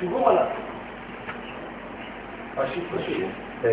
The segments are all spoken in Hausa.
shigo mana a shi kushe ne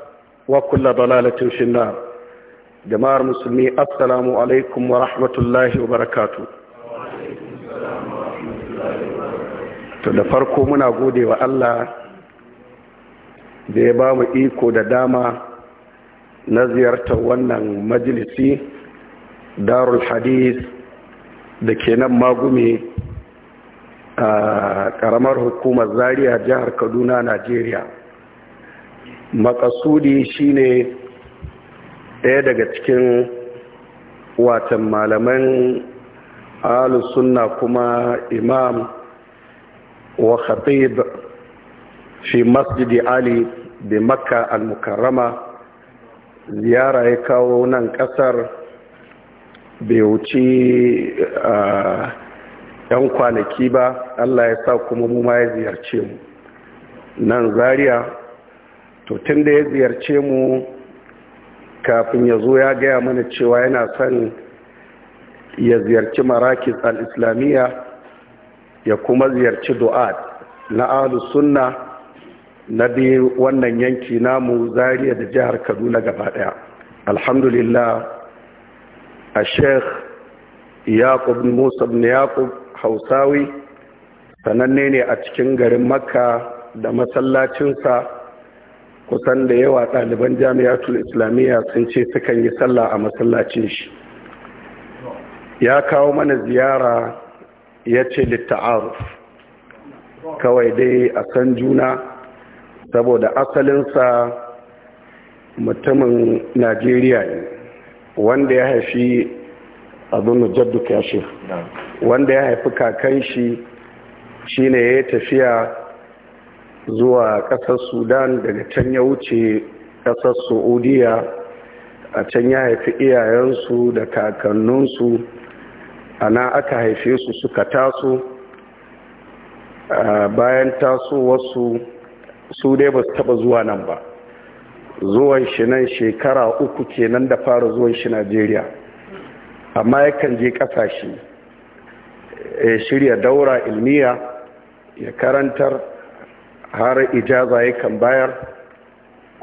wa kulla dalalatin finnar jama'ar musulmi assalamu alaikum wa rahmatullahi wa barakatu to da farko muna gode wa Allah da ya ba mu iko da dama na ziyartar wannan majalisi darul hadis da ke nan magumi a ƙaramar hukumar zaria jihar kaduna najeriya makasudi shine ɗaya daga cikin watan malaman sunna kuma imam wa khatib fi masjidi ali da makka al-mukarrama ziyara ya kawo nan kasar bai wuce yan kwanaki ba allah ya sa kuma mu ma ya ziyarce mu nan zaria to tun da ya ziyarce mu kafin ya zo ya gaya mana cewa yana son ya ziyarci marakis al-islamiyya ya kuma ziyarci du'ad na ahlus sunna na biyu wannan yanki namu Zaria da jihar kaduna gaba daya alhamdulillah a sheikh yaqub musa ibn yaqub hausawi sananne ne a cikin garin makka da masallacinsa kusan da yawa ɗaliban jami'atul islamiyya sun ce sukan yi sallah a masallacin shi ya kawo mana ziyara ya ce litta'aruf kawai dai a san juna saboda asalinsa mutumin najeriya ne wanda ya haifi abin jaddu kashi wanda ya haifi kakan shi shine ya tafiya zuwa ƙasar sudan daga can ya wuce ƙasar saudiya a can ya haifi iyayensu da kakanninsu ana aka haife su suka taso bayan taso wasu, su dai ba su taba zuwa nan ba zuwan shi nan shekara uku kenan da fara zuwan shi najeriya amma yakan je kasashe ya shirya daura ilmiya ya karantar har ijaza yakan bayar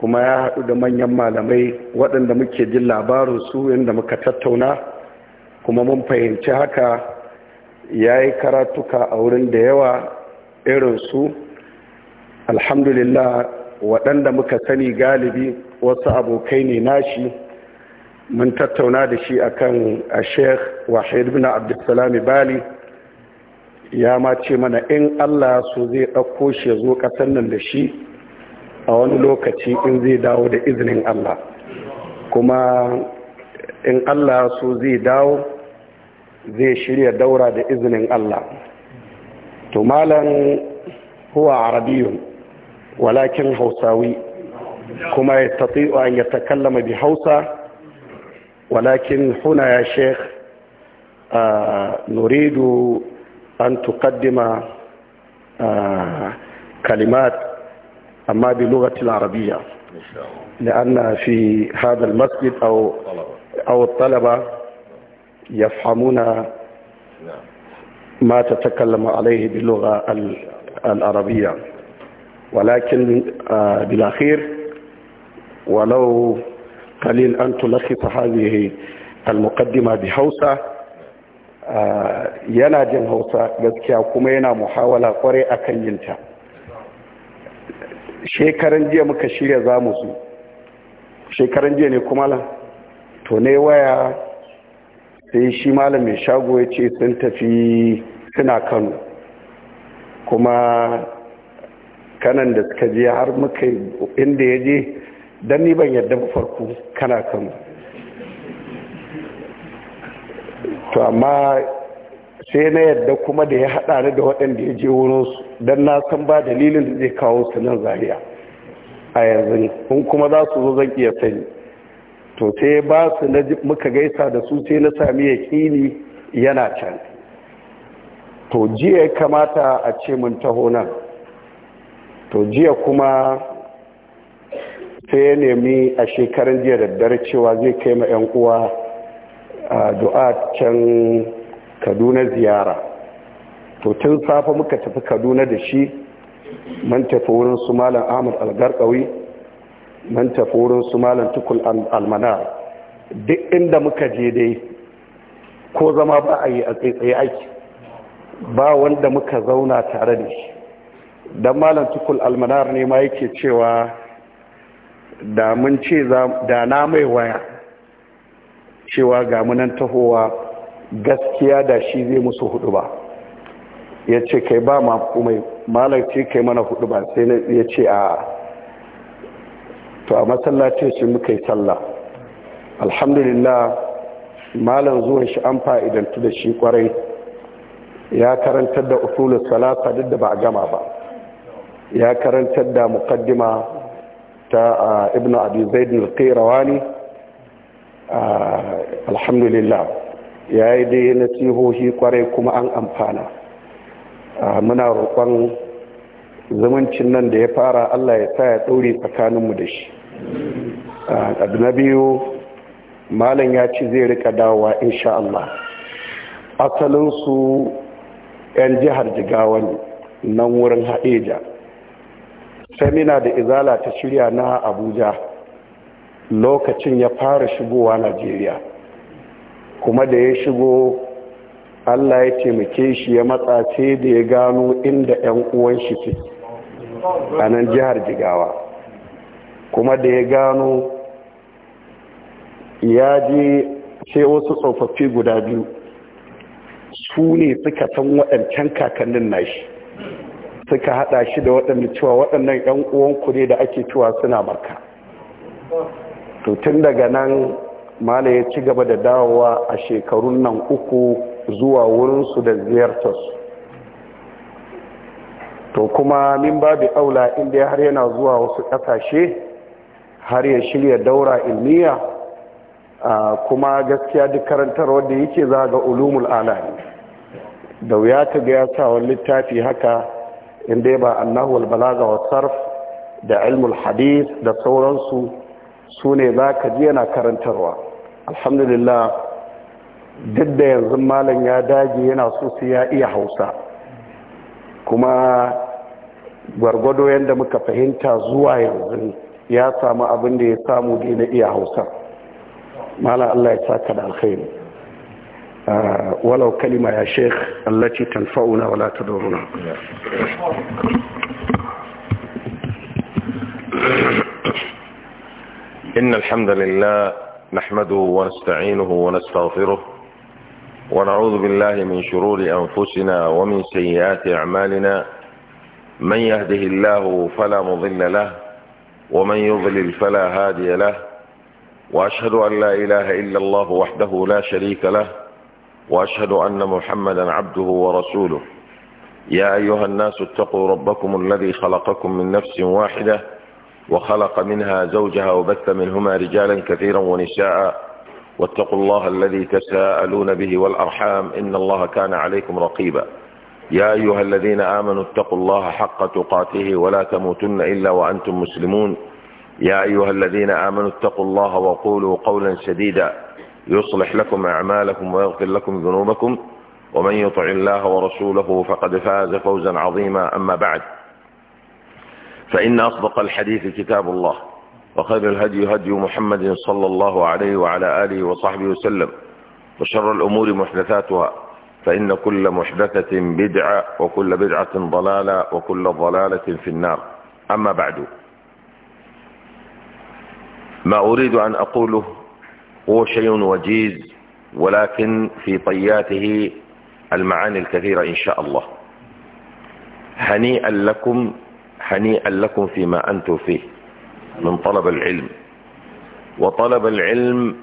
kuma ya haɗu da manyan malamai waɗanda muke jin labarin su inda muka tattauna kuma mun fahimci haka ya yi karatuka a wurin da yawa irinsu alhamdulillah waɗanda muka sani galibi wasu abokai ne nashi mun tattauna da shi akan a sheikh wahid bin abdulsalami bali ya ma ce mana in Allah su zai ɗauko shi ya zo ƙasar nan da shi a wani lokaci in zai dawo da izinin Allah kuma in Allah su zai dawo zai shirya daura da izinin Allah to malam huwa arabiyun walakin hausawi kuma ya tafi an ya takallama bi hausa walakin huna ya a nuridu أن تقدم آه، كلمات أما باللغة العربية لأن في هذا المسجد أو أو الطلبة يفهمون نعم. ما تتكلم عليه باللغة العربية ولكن آه، بالأخير ولو قليل أن تلخص هذه المقدمة بحوسة yana jin hausa gaskiya kuma yana muhawala kwarai akan yinta shekaran jiya muka shirya za mu su shekaran jiya ne kuma la to ne waya sai shi malam mai shago ya ce sun tafi suna kano kuma kanan da suka je har muka inda ya je don ni ban yadda farko kana kano to amma sai na yadda kuma da ya haɗa ni da waɗanda ya je wurinsu don na san ba dalilin da zai kawo su nan zariya a yanzu kun kuma za su zo zan iya sani to sai ba su na muka gaisa da su sai na sami yaƙini yana can to jiya kamata a ce mun taho nan to jiya kuma sai ya nemi a shekarun jiya daddare cewa zai kai ma 'yan uwa A du'a can kaduna ziyara to tun safe muka tafi kaduna da shi man tafi wurin su malam ahmad algarkawi man tafi wurin su malam tukul almanar duk inda muka je dai ko zama ba a yi a tsaye aiki ba wanda muka zauna tare da shi don malam tukul almanar ne ma yake cewa da ce da na mai waya cewa ga munan tahowa gaskiya da shi zai musu hudu ba ya ce kai ba ma mai malarci kai mana hudu ba sai ya ce a to a masallaci shi muka yi sallah alhamdulillah malam zuwan shi an fa'idantu da shi kwarai ya karantar da usulun salata duk da ba a gama ba ya karantar da muqaddima ta Ibn abu zaidun ne. Ah, alhamdulillah ya yi dai nasihohi kwarai kuma an amfana ah, muna roƙon zumuncin nan da ya fara allah ya sa ya ɗaure tsakaninmu da shi ah, abu na biyu malam ya ci zai rika dawowa insha allah asalinsu 'yan jihar jigawa ne nan wurin haɗeja semina da izala ta shirya na abuja lokacin ya fara shigowa najeriya kuma da ya shigo allah ya taimake shi ya matsa sai da ya gano inda 'yan uwan shi ce a nan jihar jigawa kuma da ya gano ya je sai wasu tsofaffi guda biyu su ne suka san waɗancan kakannin nashi suka haɗa shi da waɗanda cewa waɗannan 'yan uwan ne da ake cewa suna marka to tun daga nan mala ya ci gaba da dawowa a shekarun nan uku zuwa wurinsu da ziyartarsu to kuma min babu aula inda har yana zuwa wasu ƙasashe har ya shirya daura ilmiya kuma gaskiya duk karantar wadda yake za ga ulumul alani da wuya ta ga ya sa wani littafi haka inda ba annahu balaga wa sarf da ilmul hadith da sauransu su ne za ka ji yana karantarwa alhamdulillah duk da yanzu malam ya dage yana so su ya iya hausa kuma gwargwado yadda muka fahimta zuwa yanzu ya samu abin da ya samu da na iya hausa malam allah ya saka da alkhairu ah, walau kalima ya sheikh ce tanfa'una wala ta dorona. إن الحمد لله نحمده ونستعينه ونستغفره ونعوذ بالله من شرور أنفسنا ومن سيئات أعمالنا من يهده الله فلا مضل له ومن يضلل فلا هادي له وأشهد أن لا إله إلا الله وحده لا شريك له وأشهد أن محمدا عبده ورسوله يا أيها الناس اتقوا ربكم الذي خلقكم من نفس واحدة وخلق منها زوجها وبث منهما رجالا كثيرا ونساء واتقوا الله الذي تساءلون به والأرحام إن الله كان عليكم رقيبا يا أيها الذين آمنوا اتقوا الله حق تقاته ولا تموتن إلا وأنتم مسلمون يا أيها الذين آمنوا اتقوا الله وقولوا قولا سديدا يصلح لكم أعمالكم ويغفر لكم ذنوبكم ومن يطع الله ورسوله فقد فاز فوزا عظيما أما بعد فإن أصدق الحديث كتاب الله وخير الهدي هدي محمد صلى الله عليه وعلى آله وصحبه وسلم وشر الأمور محدثاتها فإن كل محدثة بدعة وكل بدعة ضلالة وكل ضلالة في النار أما بعد ما أريد أن أقوله هو شيء وجيز ولكن في طياته المعاني الكثيرة إن شاء الله هنيئا لكم هنيئا لكم فيما أنتم فيه من طلب العلم وطلب العلم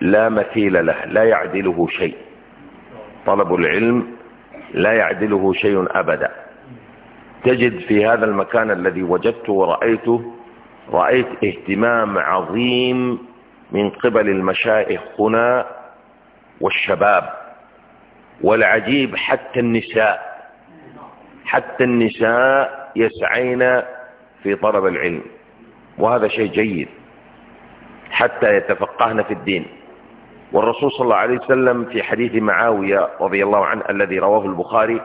لا مثيل له لا يعدله شيء طلب العلم لا يعدله شيء أبدا تجد في هذا المكان الذي وجدته ورأيته رأيت اهتمام عظيم من قبل المشائخ هنا والشباب والعجيب حتى النساء حتى النساء يسعين في طلب العلم وهذا شيء جيد حتى يتفقهن في الدين والرسول صلى الله عليه وسلم في حديث معاوية رضي الله عنه الذي رواه البخاري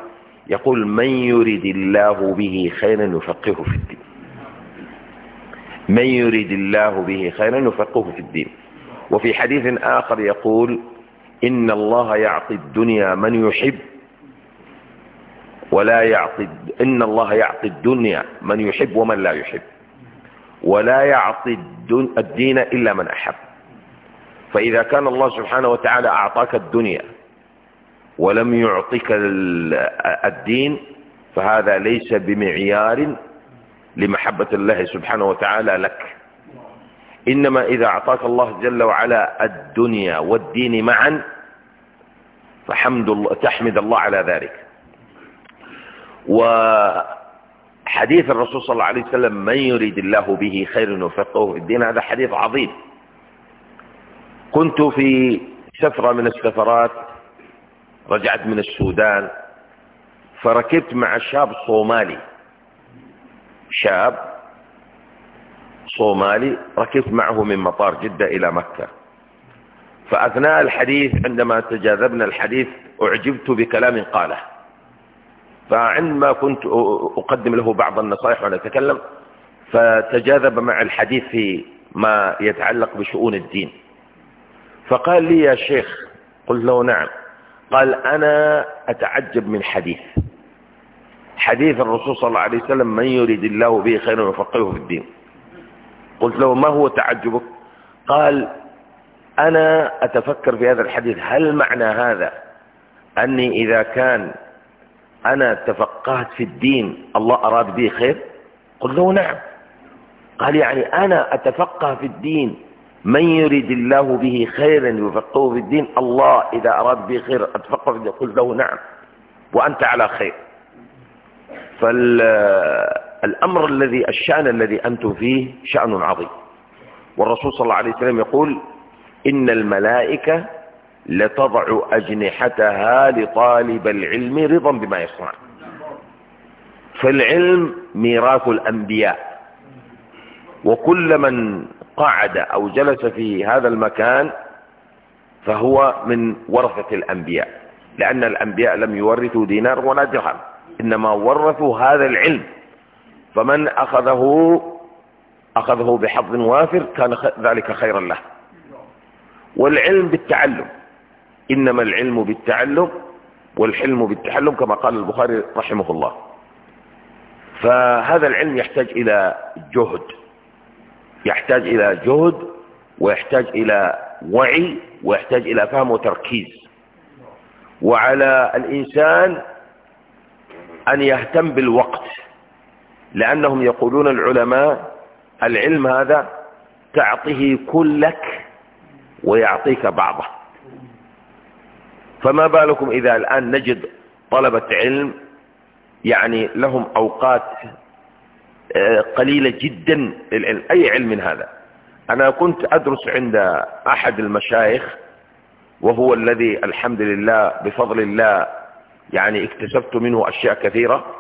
يقول من يريد الله به خيرا يفقهه في الدين من يريد الله به خيرا يفقهه في الدين وفي حديث آخر يقول إن الله يعطي الدنيا من يحب ولا يعطي إن الله يعطي الدنيا من يحب ومن لا يحب ولا يعطي الدين إلا من أحب فإذا كان الله سبحانه وتعالى أعطاك الدنيا ولم يعطيك الدين فهذا ليس بمعيار لمحبة الله سبحانه وتعالى لك إنما إذا أعطاك الله جل وعلا الدنيا والدين معا فحمد الله تحمد الله على ذلك وحديث الرسول صلى الله عليه وسلم من يريد الله به خير يفقهه في الدين هذا حديث عظيم كنت في سفرة من السفرات رجعت من السودان فركبت مع شاب صومالي شاب صومالي ركبت معه من مطار جدة إلى مكة فأثناء الحديث عندما تجاذبنا الحديث أعجبت بكلام قاله فعندما كنت أقدم له بعض النصائح وأنا أتكلم فتجاذب مع الحديث في ما يتعلق بشؤون الدين فقال لي يا شيخ قلت له نعم قال أنا أتعجب من حديث حديث الرسول صلى الله عليه وسلم من يريد الله به خيرا يفقهه في الدين قلت له ما هو تعجبك قال أنا أتفكر في هذا الحديث هل معنى هذا أني إذا كان أنا تفقهت في الدين الله أراد بي خير قل له نعم قال يعني أنا أتفقه في الدين من يريد الله به خيرا يفقهه في الدين الله إذا أراد به خير أتفقه في الدين قل له نعم وأنت على خير فالأمر الذي الشأن الذي أنتم فيه شأن عظيم والرسول صلى الله عليه وسلم يقول إن الملائكة لتضع أجنحتها لطالب العلم رضا بما يصنع فالعلم ميراث الأنبياء وكل من قعد أو جلس في هذا المكان فهو من ورثة الأنبياء لأن الأنبياء لم يورثوا دينار ولا درهم إنما ورثوا هذا العلم فمن أخذه أخذه بحظ وافر كان ذلك خيرا له والعلم بالتعلم إنما العلم بالتعلم والحلم بالتحلم كما قال البخاري رحمه الله فهذا العلم يحتاج إلى جهد يحتاج إلى جهد ويحتاج إلى وعي ويحتاج إلى فهم وتركيز وعلى الإنسان أن يهتم بالوقت لأنهم يقولون العلماء العلم هذا تعطيه كلك ويعطيك بعضه فما بالكم إذا الآن نجد طلبة علم يعني لهم أوقات آه، قليلة جدا للعلم أي علم من هذا أنا كنت أدرس عند أحد المشايخ وهو الذي الحمد لله بفضل الله يعني اكتسبت منه أشياء كثيرة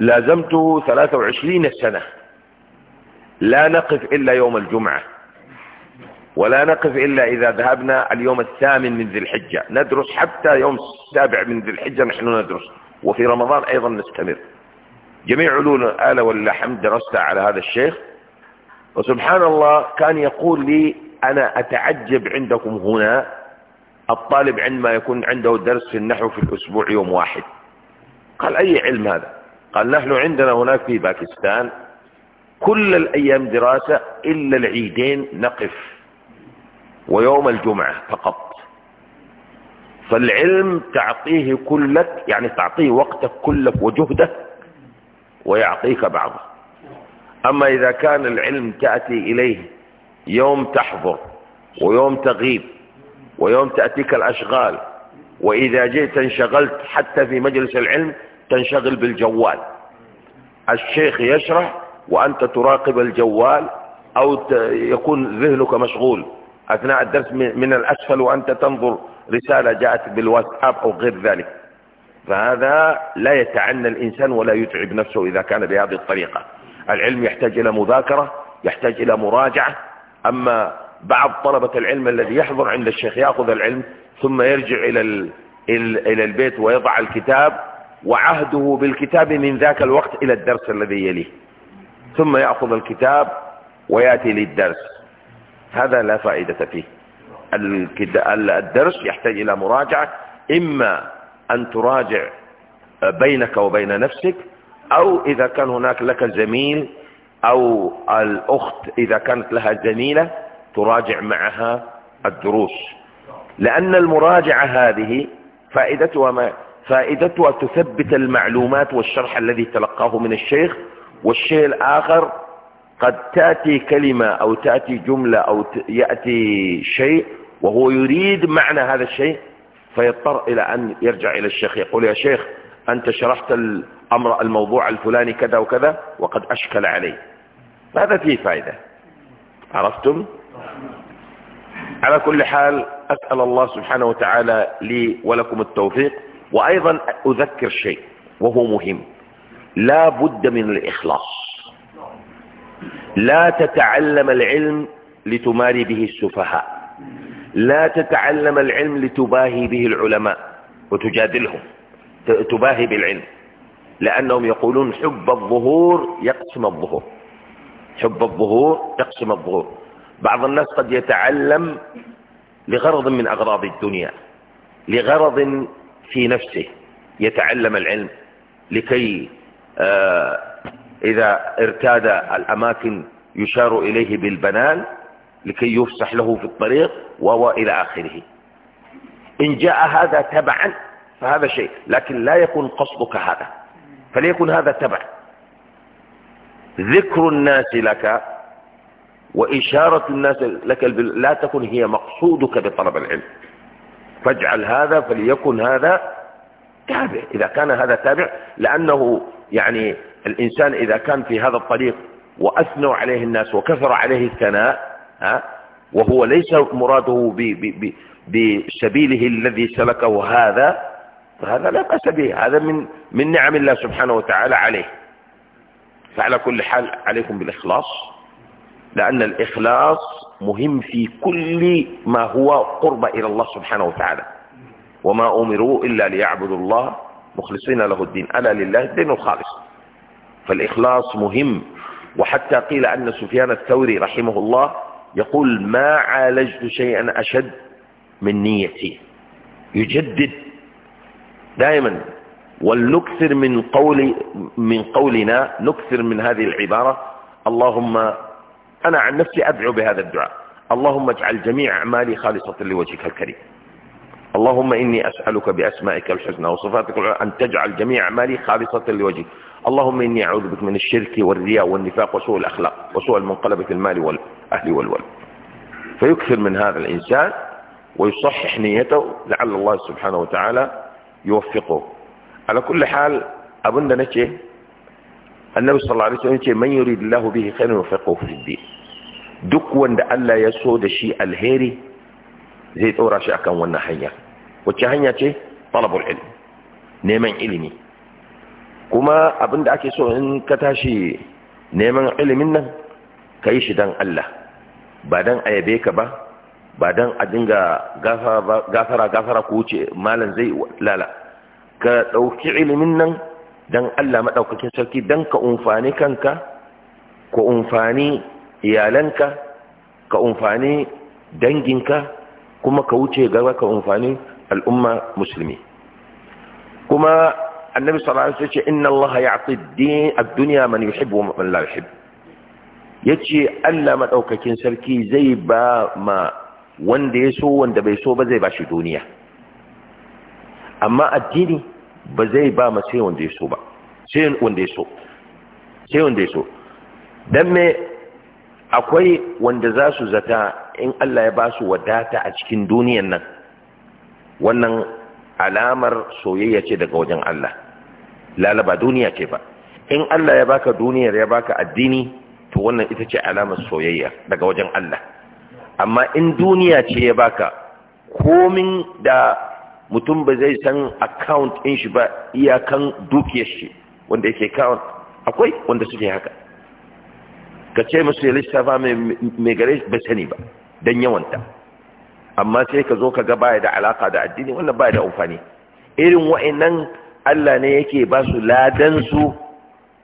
لازمته 23 سنة لا نقف إلا يوم الجمعة ولا نقف إلا إذا ذهبنا اليوم الثامن من ذي الحجة ندرس حتى يوم السابع من ذي الحجة نحن ندرس وفي رمضان أيضا نستمر جميع علوم الآلة والحمد درستها على هذا الشيخ وسبحان الله كان يقول لي أنا أتعجب عندكم هنا الطالب عندما يكون عنده درس في النحو في الأسبوع يوم واحد قال أي علم هذا قال نحن عندنا هناك في باكستان كل الأيام دراسة إلا العيدين نقف ويوم الجمعة فقط فالعلم تعطيه كلك يعني تعطيه وقتك كلك وجهدك ويعطيك بعضه أما إذا كان العلم تأتي إليه يوم تحضر ويوم تغيب ويوم تأتيك الأشغال وإذا جئت انشغلت حتى في مجلس العلم تنشغل بالجوال الشيخ يشرح وأنت تراقب الجوال أو يكون ذهنك مشغول أثناء الدرس من الأسفل وأنت تنظر رسالة جاءت بالواتساب أو غير ذلك فهذا لا يتعنى الإنسان ولا يتعب نفسه إذا كان بهذه الطريقة العلم يحتاج إلى مذاكرة يحتاج إلى مراجعة أما بعض طلبة العلم الذي يحضر عند الشيخ يأخذ العلم ثم يرجع إلى إلى البيت ويضع الكتاب وعهده بالكتاب من ذاك الوقت إلى الدرس الذي يليه ثم يأخذ الكتاب ويأتي للدرس هذا لا فائدة فيه الدرس يحتاج إلى مراجعة إما أن تراجع بينك وبين نفسك أو إذا كان هناك لك زميل أو الأخت إذا كانت لها زميلة تراجع معها الدروس لأن المراجعة هذه فائدتها ما فائدتها تثبت المعلومات والشرح الذي تلقاه من الشيخ والشيء الآخر قد تأتي كلمة أو تأتي جملة أو يأتي شيء وهو يريد معنى هذا الشيء فيضطر إلى أن يرجع إلى الشيخ يقول يا شيخ أنت شرحت الأمر الموضوع الفلاني كذا وكذا وقد أشكل عليه ماذا فيه فائدة عرفتم على كل حال أسأل الله سبحانه وتعالى لي ولكم التوفيق وأيضا أذكر شيء وهو مهم لا بد من الإخلاص لا تتعلم العلم لتماري به السفهاء لا تتعلم العلم لتباهي به العلماء وتجادلهم تباهي بالعلم لأنهم يقولون حب الظهور يقسم الظهور حب الظهور يقسم الظهور بعض الناس قد يتعلم لغرض من أغراض الدنيا لغرض في نفسه يتعلم العلم لكي آه، إذا ارتاد الأماكن يشار إليه بالبنان لكي يفسح له في الطريق وهو إلى آخره إن جاء هذا تبعا فهذا شيء لكن لا يكون قصدك هذا فليكن هذا تبع ذكر الناس لك وإشارة الناس لك لا تكن هي مقصودك بطلب العلم فاجعل هذا فليكن هذا تابع إذا كان هذا تابع لأنه يعني الإنسان إذا كان في هذا الطريق وأثنوا عليه الناس وكثر عليه الثناء ها وهو ليس مراده ب ب ب بسبيله الذي سلكه هذا فهذا لا بأس به هذا من من نعم الله سبحانه وتعالى عليه فعلى كل حال عليكم بالإخلاص لأن الإخلاص مهم في كل ما هو قرب إلى الله سبحانه وتعالى وما أمروا إلا ليعبدوا الله مخلصين له الدين ألا لله الدين الخالص فالإخلاص مهم وحتى قيل أن سفيان الثوري رحمه الله يقول ما عالجت شيئا أشد من نيتي يجدد دائما ولنكثر من قول من قولنا نكثر من هذه العبارة اللهم أنا عن نفسي أدعو بهذا الدعاء اللهم اجعل جميع أعمالي خالصة لوجهك الكريم اللهم إني أسألك بأسمائك الحسنى وصفاتك العلى أن تجعل جميع أعمالي خالصة لوجهك اللهم إني أعوذ بك من الشرك والرياء والنفاق وسوء الأخلاق وسوء المنقلبة المال والأهل والولد فيكثر من هذا الإنسان ويصحح نيته لعل الله سبحانه وتعالى يوفقه على كل حال أبونا نتشي النبي صلى الله عليه وسلم من يريد الله به خيرا يوفقه في الدين دكوا wanda Allah يسود شيء الهيري shi alheri zai tsora wacce hanya ce talabul ilmi neman ilimi kuma abin da ake so in ka tashi neman ilimin nan ka yi shi don Allah ba don ayabe ka ba ba don a dinga gafara-gafara ko wuce malam zai lala ka ɗauki ilimin nan don Allah maɗaukakin sarki don ka umfani kanka ko umfani iyalanka ka umfani danginka kuma ka wuce gaba ka umfani al'umma musulmi kuma annabi sallallahu alaihi wasallam yace inna allaha ya'ti ad-din ad-dunya man yuhibbu wa man la yuhibbu yace Allah madaukakin sarki zai ba ma wanda ya so wanda bai so ba zai ba shi duniya amma addini ba zai ba ma sai wanda ya so ba sai wanda ya so sai wanda ya so dan me akwai wanda za su zata in Allah ya ba su wadata a cikin duniyan nan wannan alamar soyayya ce daga wajen Allah lalaba duniya ce ba in Allah ya baka duniyar ya baka addini to wannan ita ce alamar soyayya daga wajen Allah amma in duniya ce ya baka komin da mutum ba zai san account in shi ba iyakan dukiyar shi wanda yake account akwai wanda suke haka ka ce musu ya lissafa mai gare ba sani ba don yawanta amma sai ka zo ka ga baya da alaka da addini wannan baya da amfani irin wa'annan Allah ne yake ba su ladan su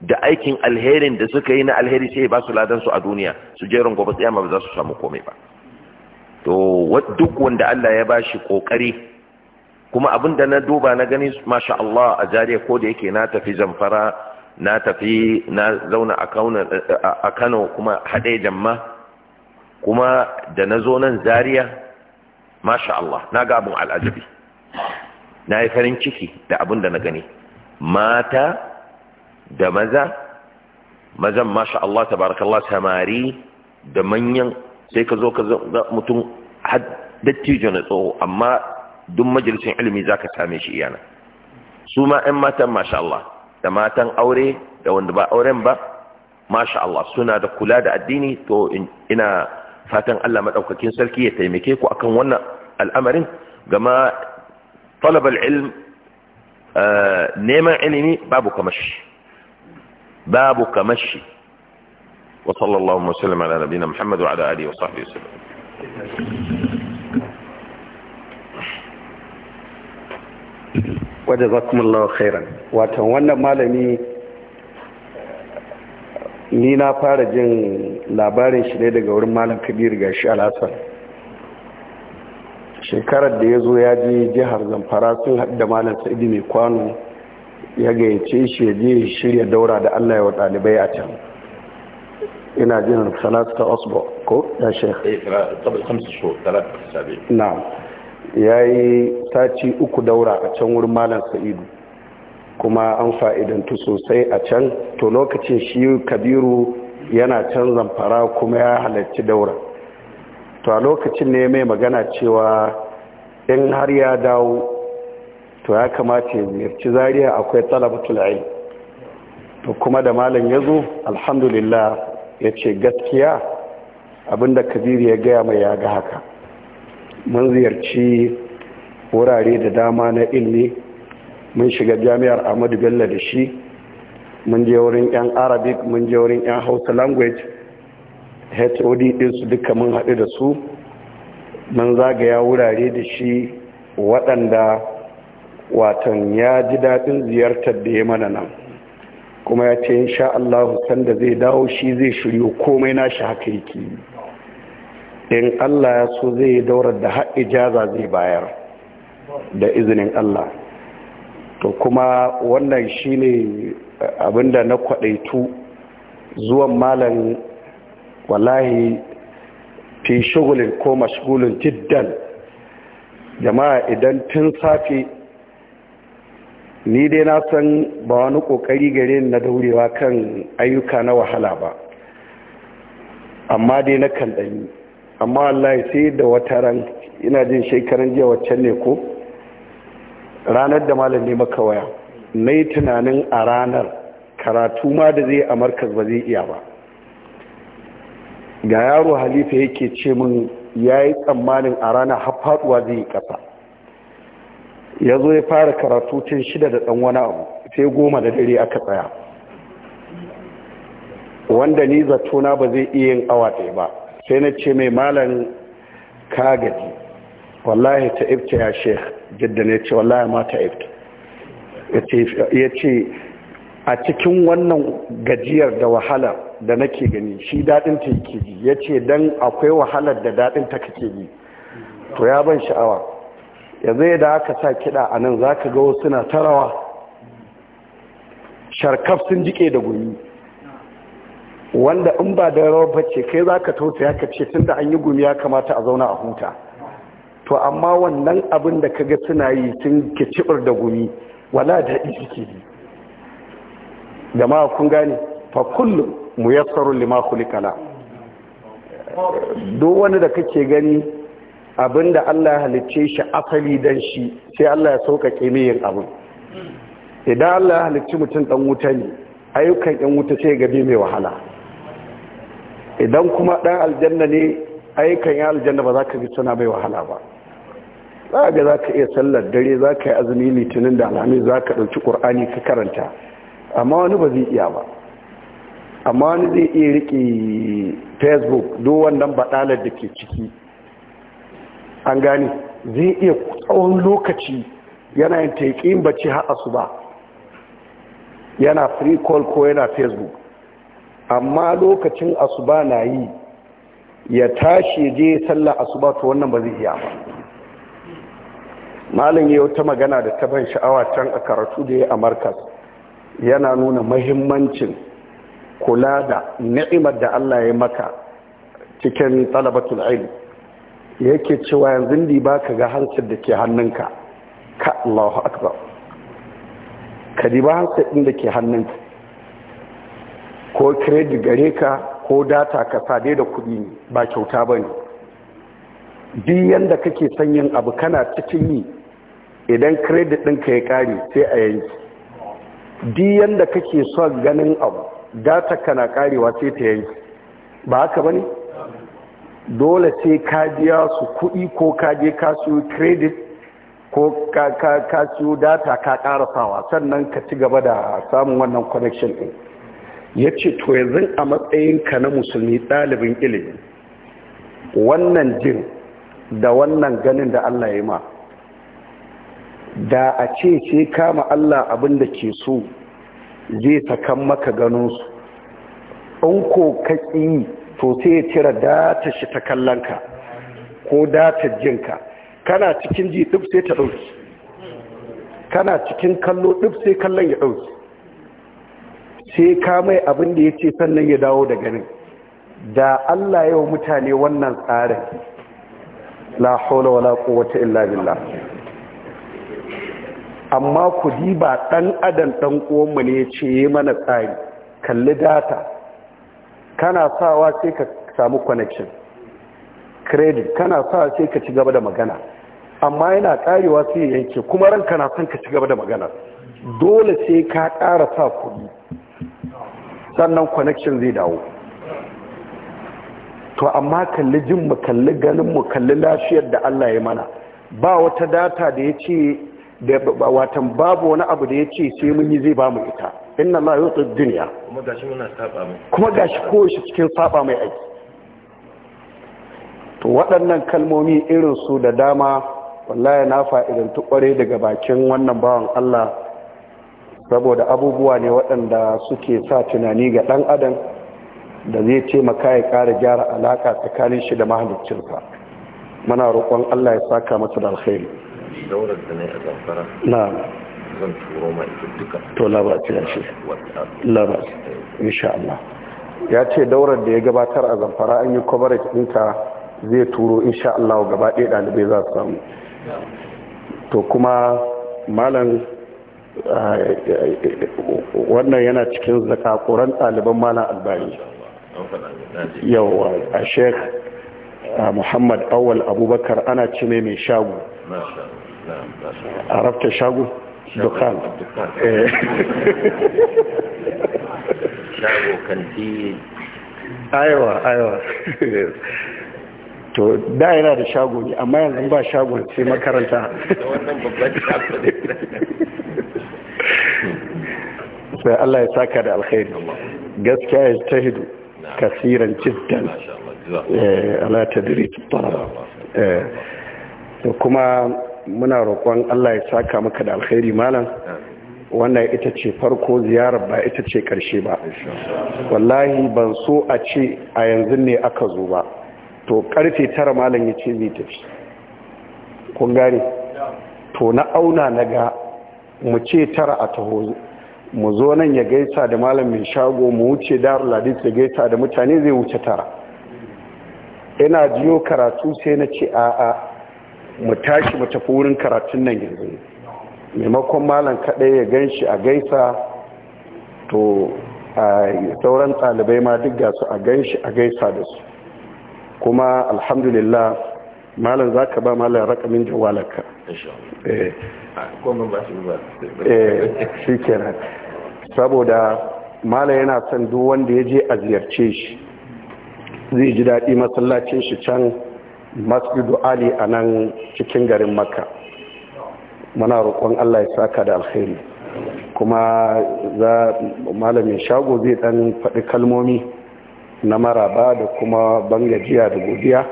da aikin alherin da suka yi na alheri sai ba su ladan su a duniya su jerin gobe tsiyama ba za su samu komai ba to duk wanda Allah ya bashi kokari kuma abin da na duba na gani masha Allah a jariya ko da yake na tafi zamfara na tafi na zauna a Kano kuma haɗe jamma kuma da na zo nan Zariya. masha Allah na ga abin al'ajabi na yi farin ciki da abin da na gani mata da maza mazan masha Allah tabarakallah samari da manyan sai ka zo ka ga mutum dattijo na tsoho amma duk majalisun ilimi za ka same shi iyana su ma 'yan matan masha Allah da matan aure da wanda ba auren ba masha Allah suna da kula da addini to ina fatan Allah madaukakin sarki ya taimake ku akan wannan al'amarin gama talabal ilm eh, neman ilimi babu kamashi babu kamashi wa sallallahu wasallam ala nabiyina muhammad wa ala alihi wa sahbihi wasallam wajazakumullahu khairan wato wannan malami ni na fara jin labarin shi ne daga wurin malam kabir ga shi alhassan shekarar da ya zo ya je jihar zamfara sun haɗu da malam sa'idu mai kwano ya gayyace shi ya je shirya daura da allah ya wa ɗalibai a can ina jin salasta osbo ko ya shekara eh, ya yi sati uku daura a can wurin malam sa'idu kuma an fa'idantu sosai a can to lokacin shi kabiru yana can zamfara kuma ya halarci daura to a lokacin ne mai magana cewa in har ya dawo to ya kamata ya ziyarci zariya akwai talabatul ilm to kuma da malam ya zo alhamdulillah ya ce gaskiya abinda kabiru ya gaya mai ya ga haka mun ziyarci wurare da dama na ilmi mun shiga jami'ar ahmadu bello da shi mun je wurin yan arabic mun je wurin yan hausa language hod su duka mun haɗu da su mun zagaya wurare da shi waɗanda watan ya ji daɗin ziyartar da ya mana nan kuma ya ce insha allahu sanda zai dawo shi zai shiryo komai nashi haka yake in Allah ya so zai daurar da har jaza zai bayar da izinin Allah to kuma wannan shine abinda na kwadaitu zuwan malam wallahi fi shugulin ko mashgulin jiddan jama'a idan tun safe ni dai na san ba wani kokari gare na daurewa kan ayyuka na wahala ba amma dai na kan ɗanyi amma wallahi sai da wata ran ina jin shekaran jiya waccan ne ko ranar da malami maka waya na yi tunanin a ranar karatu ma da zai a markaz ba zai iya ba ga yaro halifa yake ce min ya yi tsammanin a ranar hafaduwa zai yi kasa ya zo ya fara karatu tun shida da ɗan wani abu sai goma da dare aka tsaya wanda ni zatona ba zai iya yin awa ɗaya ba sai na ce mai malamin ka gaji wallahi ta ibta ya sheikh jidda ne ce wallahi ma ta ibta ya ce a cikin wannan gajiyar da wahala da nake gani shi daɗin ta yake ji ya ce don akwai wahalar da daɗin ta kake ji to ya ban sha'awa Ya zai da aka sa kiɗa a nan za ka ga wasu na tarawa sharkaf sun jike da gumi wanda in ba da rawar bace kai za ka tausa ya ka ce tun da an yi gumi ya kamata a zauna a huta to amma wannan abin da kaga suna yi sun kicibar da gumi wala daɗi suke yi jama'a kun gane fa kullum mu muyassaru lima kulikala duk wani da kake gani abinda Allah ya halicce shi asali dan shi sai Allah ya sauƙaƙe mai yin abin idan Allah ya halicci mutum dan wuta ne ayyukan yan wuta sai gabi mai wahala idan kuma dan aljanna ne ayyukan yan aljanna ba za ka bi suna mai wahala ba za a ga za ka iya sallar dare za ka yi azumi litinin da alhamis za ka ɗauki ƙur'ani ka karanta amma wani ba zai iya ba amma wani zai iya riƙe facebook do wannan baɗalar da ke ciki an gane zai iya tsawon lokaci yana yin taiƙin bacci har ba yana free call ko yana facebook amma lokacin asuba na yi ya tashi je sallar asuba to wannan ba zai iya ba malin yau ta magana da ta ban sha'awa can a karatu da ya a markas yana nuna mahimmancin kula da ni'imar da Allah ya maka cikin talabatul ilm yake cewa yanzu di ba ka ga hancin da ke hannunka ka Allahu akbar ka di ba hancin din da ke hannunka ko credit gare ka ko data ka sade da kuɗi ne ba kyauta bane duk yanda kake son yin abu kana cikin yi idan credit ka ya kare sai a yanki di da kake son ganin abu data kana karewa sai ta yanki ba haka ba ne dole sai ka biya su kuɗi ko ka je ka siyo credit ko ka siyo data ka sawa sannan ka ci gaba da samun wannan connection ɗin ya ce to yanzu a matsayin ka na musulmi ɗalibin ilimi wannan jin da wannan ganin da Allah ya yi ma da a ce ce kama Allah abin da ke so zai sakan maka ganinsu in ko kaƙi to sai ya cire data shi ta kallonka ko data jinka kana cikin ji duk sai ta ɗauki kana cikin kallo duk sai kallon ya ɗauki sai ka mai abin da ya ce sannan ya dawo da ganin da Allah yau mutane wannan tsarin la haula wala quwwata illa billah amma ku diba ɗan adam ɗan uwanmu ne ce yi mana tsari kalli data kana sawa sai ka samu connection credit kana sawa sai ka ci gaba da magana amma yana karewa sai yanke kuma ranka na son ka ci gaba da magana dole sai ka ƙara sa kuɗi sannan connection zai dawo to amma kalli jin mu kalli ganin mu kalli lafiyar da Allah ya mana ba wata data da ya ce da watan babu wani abu da ya ce sai mun yi zai ba mu ita inna Allah ya wuce duniya kuma gashi muna saba mai kuma gashi ko shi cikin saba mai aiki to waɗannan kalmomi irin su da dama wallahi na fa'idantu kware daga bakin wannan bawan Allah saboda abubuwa ne waɗanda suke sa tunani ga ɗan adam da zai taimaka ya ƙara gyara alaƙa tsakanin shi da mahaliccinsa muna roƙon Allah ya saka masa da alkhairi daular da na yi a zamfara zan da ya ce daurar da ya gabatar a zamfara an yi coverage ɗinta zai turo insha Allah gaba ɗaya ɗalibai za su samu to kuma malam wannan yana cikin zakakuran ɗaliban malam albani yawa a sheikh muhammad awal abubakar ana cime mai shagu arabta shago dukkan shago kanti aiwa aiwa to da yana da shago ne amma yanzu ba shago sai makaranta sai Allah ya saka da alkhairi gaskiya ya tahidu kasiran jiddan ala tadrij talaba kuma muna roƙon Allah ya saka maka da alkhairi malam wannan ita ce farko ziyarar ba ita ce ƙarshe ba wallahi ban so a ce a yanzu ne aka zo ba to karfe tara malam ya ce zai tafi kun gane to na auna na ga mu ce tara a taho mu zo nan ya gaisa da malam shago mu wuce darul ladis ya gaisa da mutane zai wuce tara ina jiyo karatu sai na ce a'a mu tashi mu tafi wurin karatun nan yanzu maimakon malam kaɗai ya gan shi a gaisa to a sauran ɗalibai ma duk ga su a gan shi a gaisa da su kuma alhamdulillah malam za ka ba malam rakamin jawalarka eh. ah, eh, shi kenan saboda malam yana son duk wanda ya je a ziyarce shi zai ji daɗi masallacin shi can masjidu ali a nan cikin garin makka muna roƙon allah ya saka da alkhairi kuma za malamin shago zai dan faɗi kalmomi na maraba da kuma bangajiya da godiya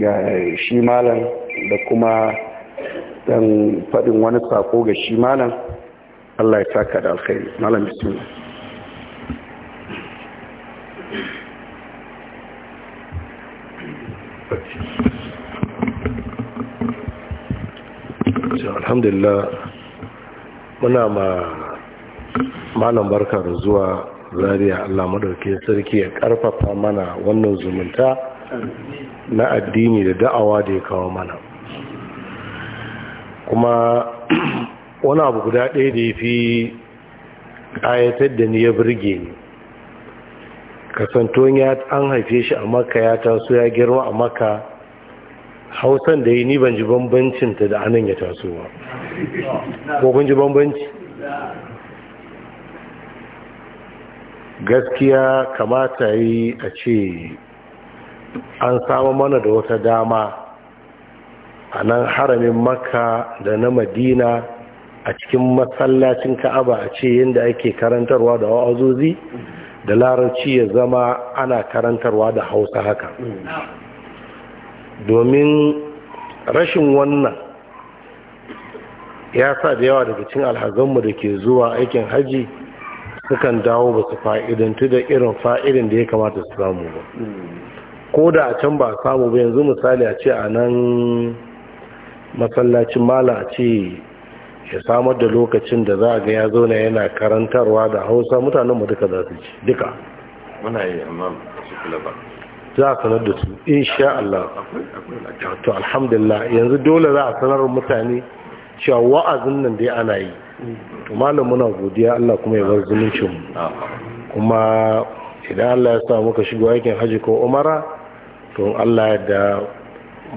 ga shi malam da kuma dan faɗin wani sako ga shi malam allah ya saka da alkhairi malam bismillah alhamdulillah muna ma malam barka zuwa zariya allah madauke sarki ya karfafa mana wannan zumunta na addini da da'awa da ya kawo mana kuma wani abu guda ɗaya da ya fi ƙayatar da ni ya birge ni kasanton ya an haife shi a maka ya taso ya girma a maka hausan da yi ni ban ji bambancinta da anan ya taso ba ko bambanci gaskiya kamata yi a ce an samu mana da wata dama a nan haramin maka da na madina a cikin masallacin ka'aba a ce yadda ake karantarwa da wa'azuzi da larabci ya zama ana karantarwa da hausa haka mm. domin rashin wannan ya sa da yawa daga cin alhazanmu da ke zuwa aikin haji sukan dawo ba su fa'idantu da irin fa'idin da ya kamata su samu ba ko da a can ba a samu ba yanzu misali a ce a nan masallacin mala a ce ya samar da lokacin da za a ga ya zauna yana karantarwa da hausa mutanen mu duka za su ci duka muna yi amma su kula ba za a sanar da su insha Allah to alhamdulillah yanzu dole za a sanar mutane cewa wa'azin nan dai ana yi to malam muna godiya Allah kuma ya bar zumuncin mu kuma idan Allah ya sa muka shigo aikin haji ko umara to Allah da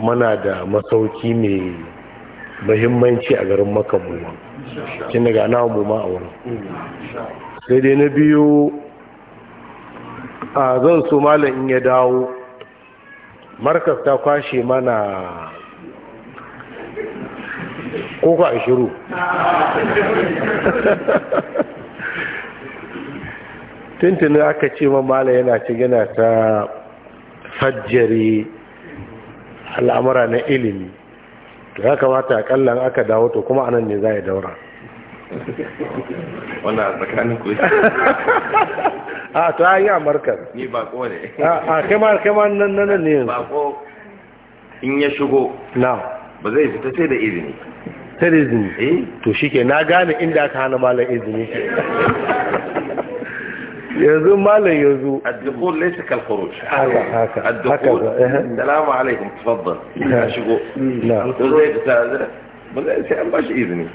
mana da masauki mai muhimmanci a garin Makka mu kin daga na mu ma a wurin sai dai na biyu a zan so malam in ya dawo markas ta kwashe mana ko ka shiru tuntuni aka ce mamala yana ci gana ta fajjari al'amura na ilimi to ya kamata akalla aka dawo to kuma anan ne za a daura a tsakanin ku a to ya yi markar ni bako ne a kama kama nan nan ne bako in ya shigo na ba zai fita sai da izini ta izini eh to shi ke na gane inda aka hana malam izini yanzu malam yanzu addukul laysa kal khuruj haka haka addukul dalama eh. alaikum tafaddal ya shigo na sai an bashi izini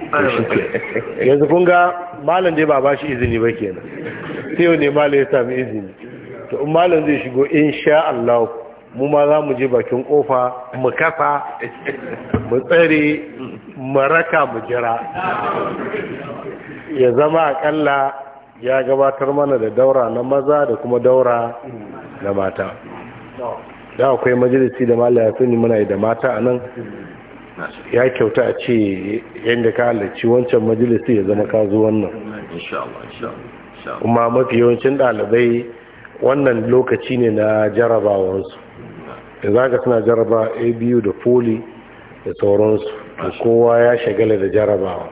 yanzu kun ga malam dai ba bashi izini ba ke sai yau ne malar ya sami izini to in malam zai shigo insha Allah mu ma za mu je bakin kofa mu kafa mu tsere. maraka mu ya zama akalla ya gabatar mana da daura na maza da kuma daura na mata da akwai majalisi da mala ya sani mana da mata a nan ya kyauta a ce yadda ka halarci wancan majalisi ya zama kazu wannan kuma mafi yawancin ɗalibai wannan lokaci ne na jarabawarsu da za ka suna jaraba a biyu da foli da sauransu to kowa ya shagala da jarabawa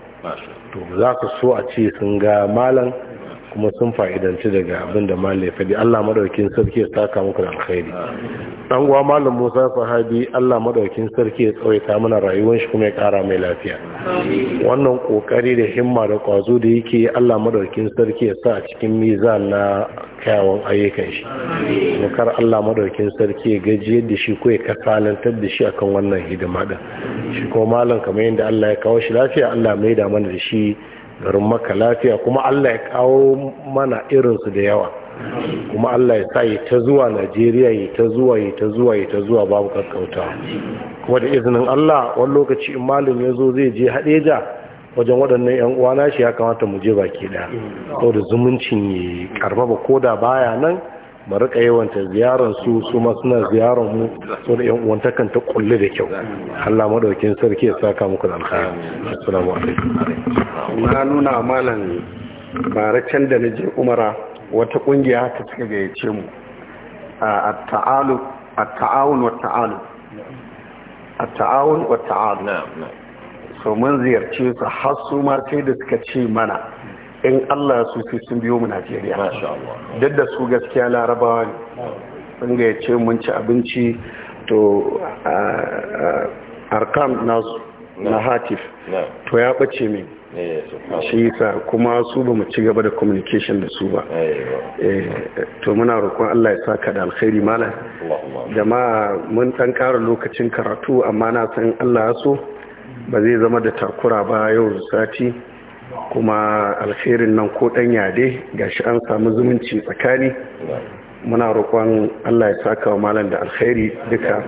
to za ka so a ce sun ga malam kuma sun fa'idanci daga abin da malam ya faɗi Allah madaukin sarki ya saka muku da alkhairi dan uwa malam Musa Sahabi Allah Maɗaukin sarki ya tsawaita mana rayuwar shi kuma ya kara mai lafiya wannan kokari da himma da kwazo da yake Allah Maɗaukin sarki ya sa cikin mizan na kyawun ayyukan shi kar Allah Maɗaukin sarki ya gaji da shi ko ya kasalantar da shi akan wannan hidima din shi ko malam kamar yadda Allah ya kawo shi lafiya Allah mai da mana da shi garin maka lafiya kuma Allah ya kawo mana irinsu da yawa kuma Allah ya sa yi ta zuwa Najeriya yi ta zuwa yi ta zuwa yi ta zuwa babu kakkauta kuma da izinin Allah wani lokaci in malin ya zo zai je haɗe haɗeja wajen waɗannan yan uwana shi ya kamata mu je baki ɗaya da zumuncin ya karbaba ko da baya nan mu rika yawanta ziyarar su su ma suna ziyarar mu so da yan uwan takan ta kulle da kyau Allah madaukin sarki ya saka muku da alkhairi assalamu alaikum na nuna malam bara can da je umara wata kungiya ga suka gayyace mu a ta'awun wa ta'alum a ta'awun wa so mun ziyarce su har su da suka ce mana in Allah su sai sun biyo mu Najeriya duk da su gaskiya larabawa ne sun gayyace mun ci abinci to harkar nasu na hatif to ya ɓace min Eh, shi kuma su ba mu ci gaba da communication da su ba eh, eh, to muna roƙon Allah ya saka da alkhairi malam jama'a mun ɗan ƙara lokacin karatu amma na san Allah ya so ba zai zama da takura ba yau sati kuma alkhairin nan ko ɗan yade gashi an samu zumunci tsakani muna roƙon Allah ya saka wa malam da alkhairi duka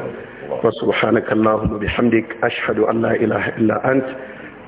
wa subhanakallahumma bihamdik ashhadu an la ilaha illa anta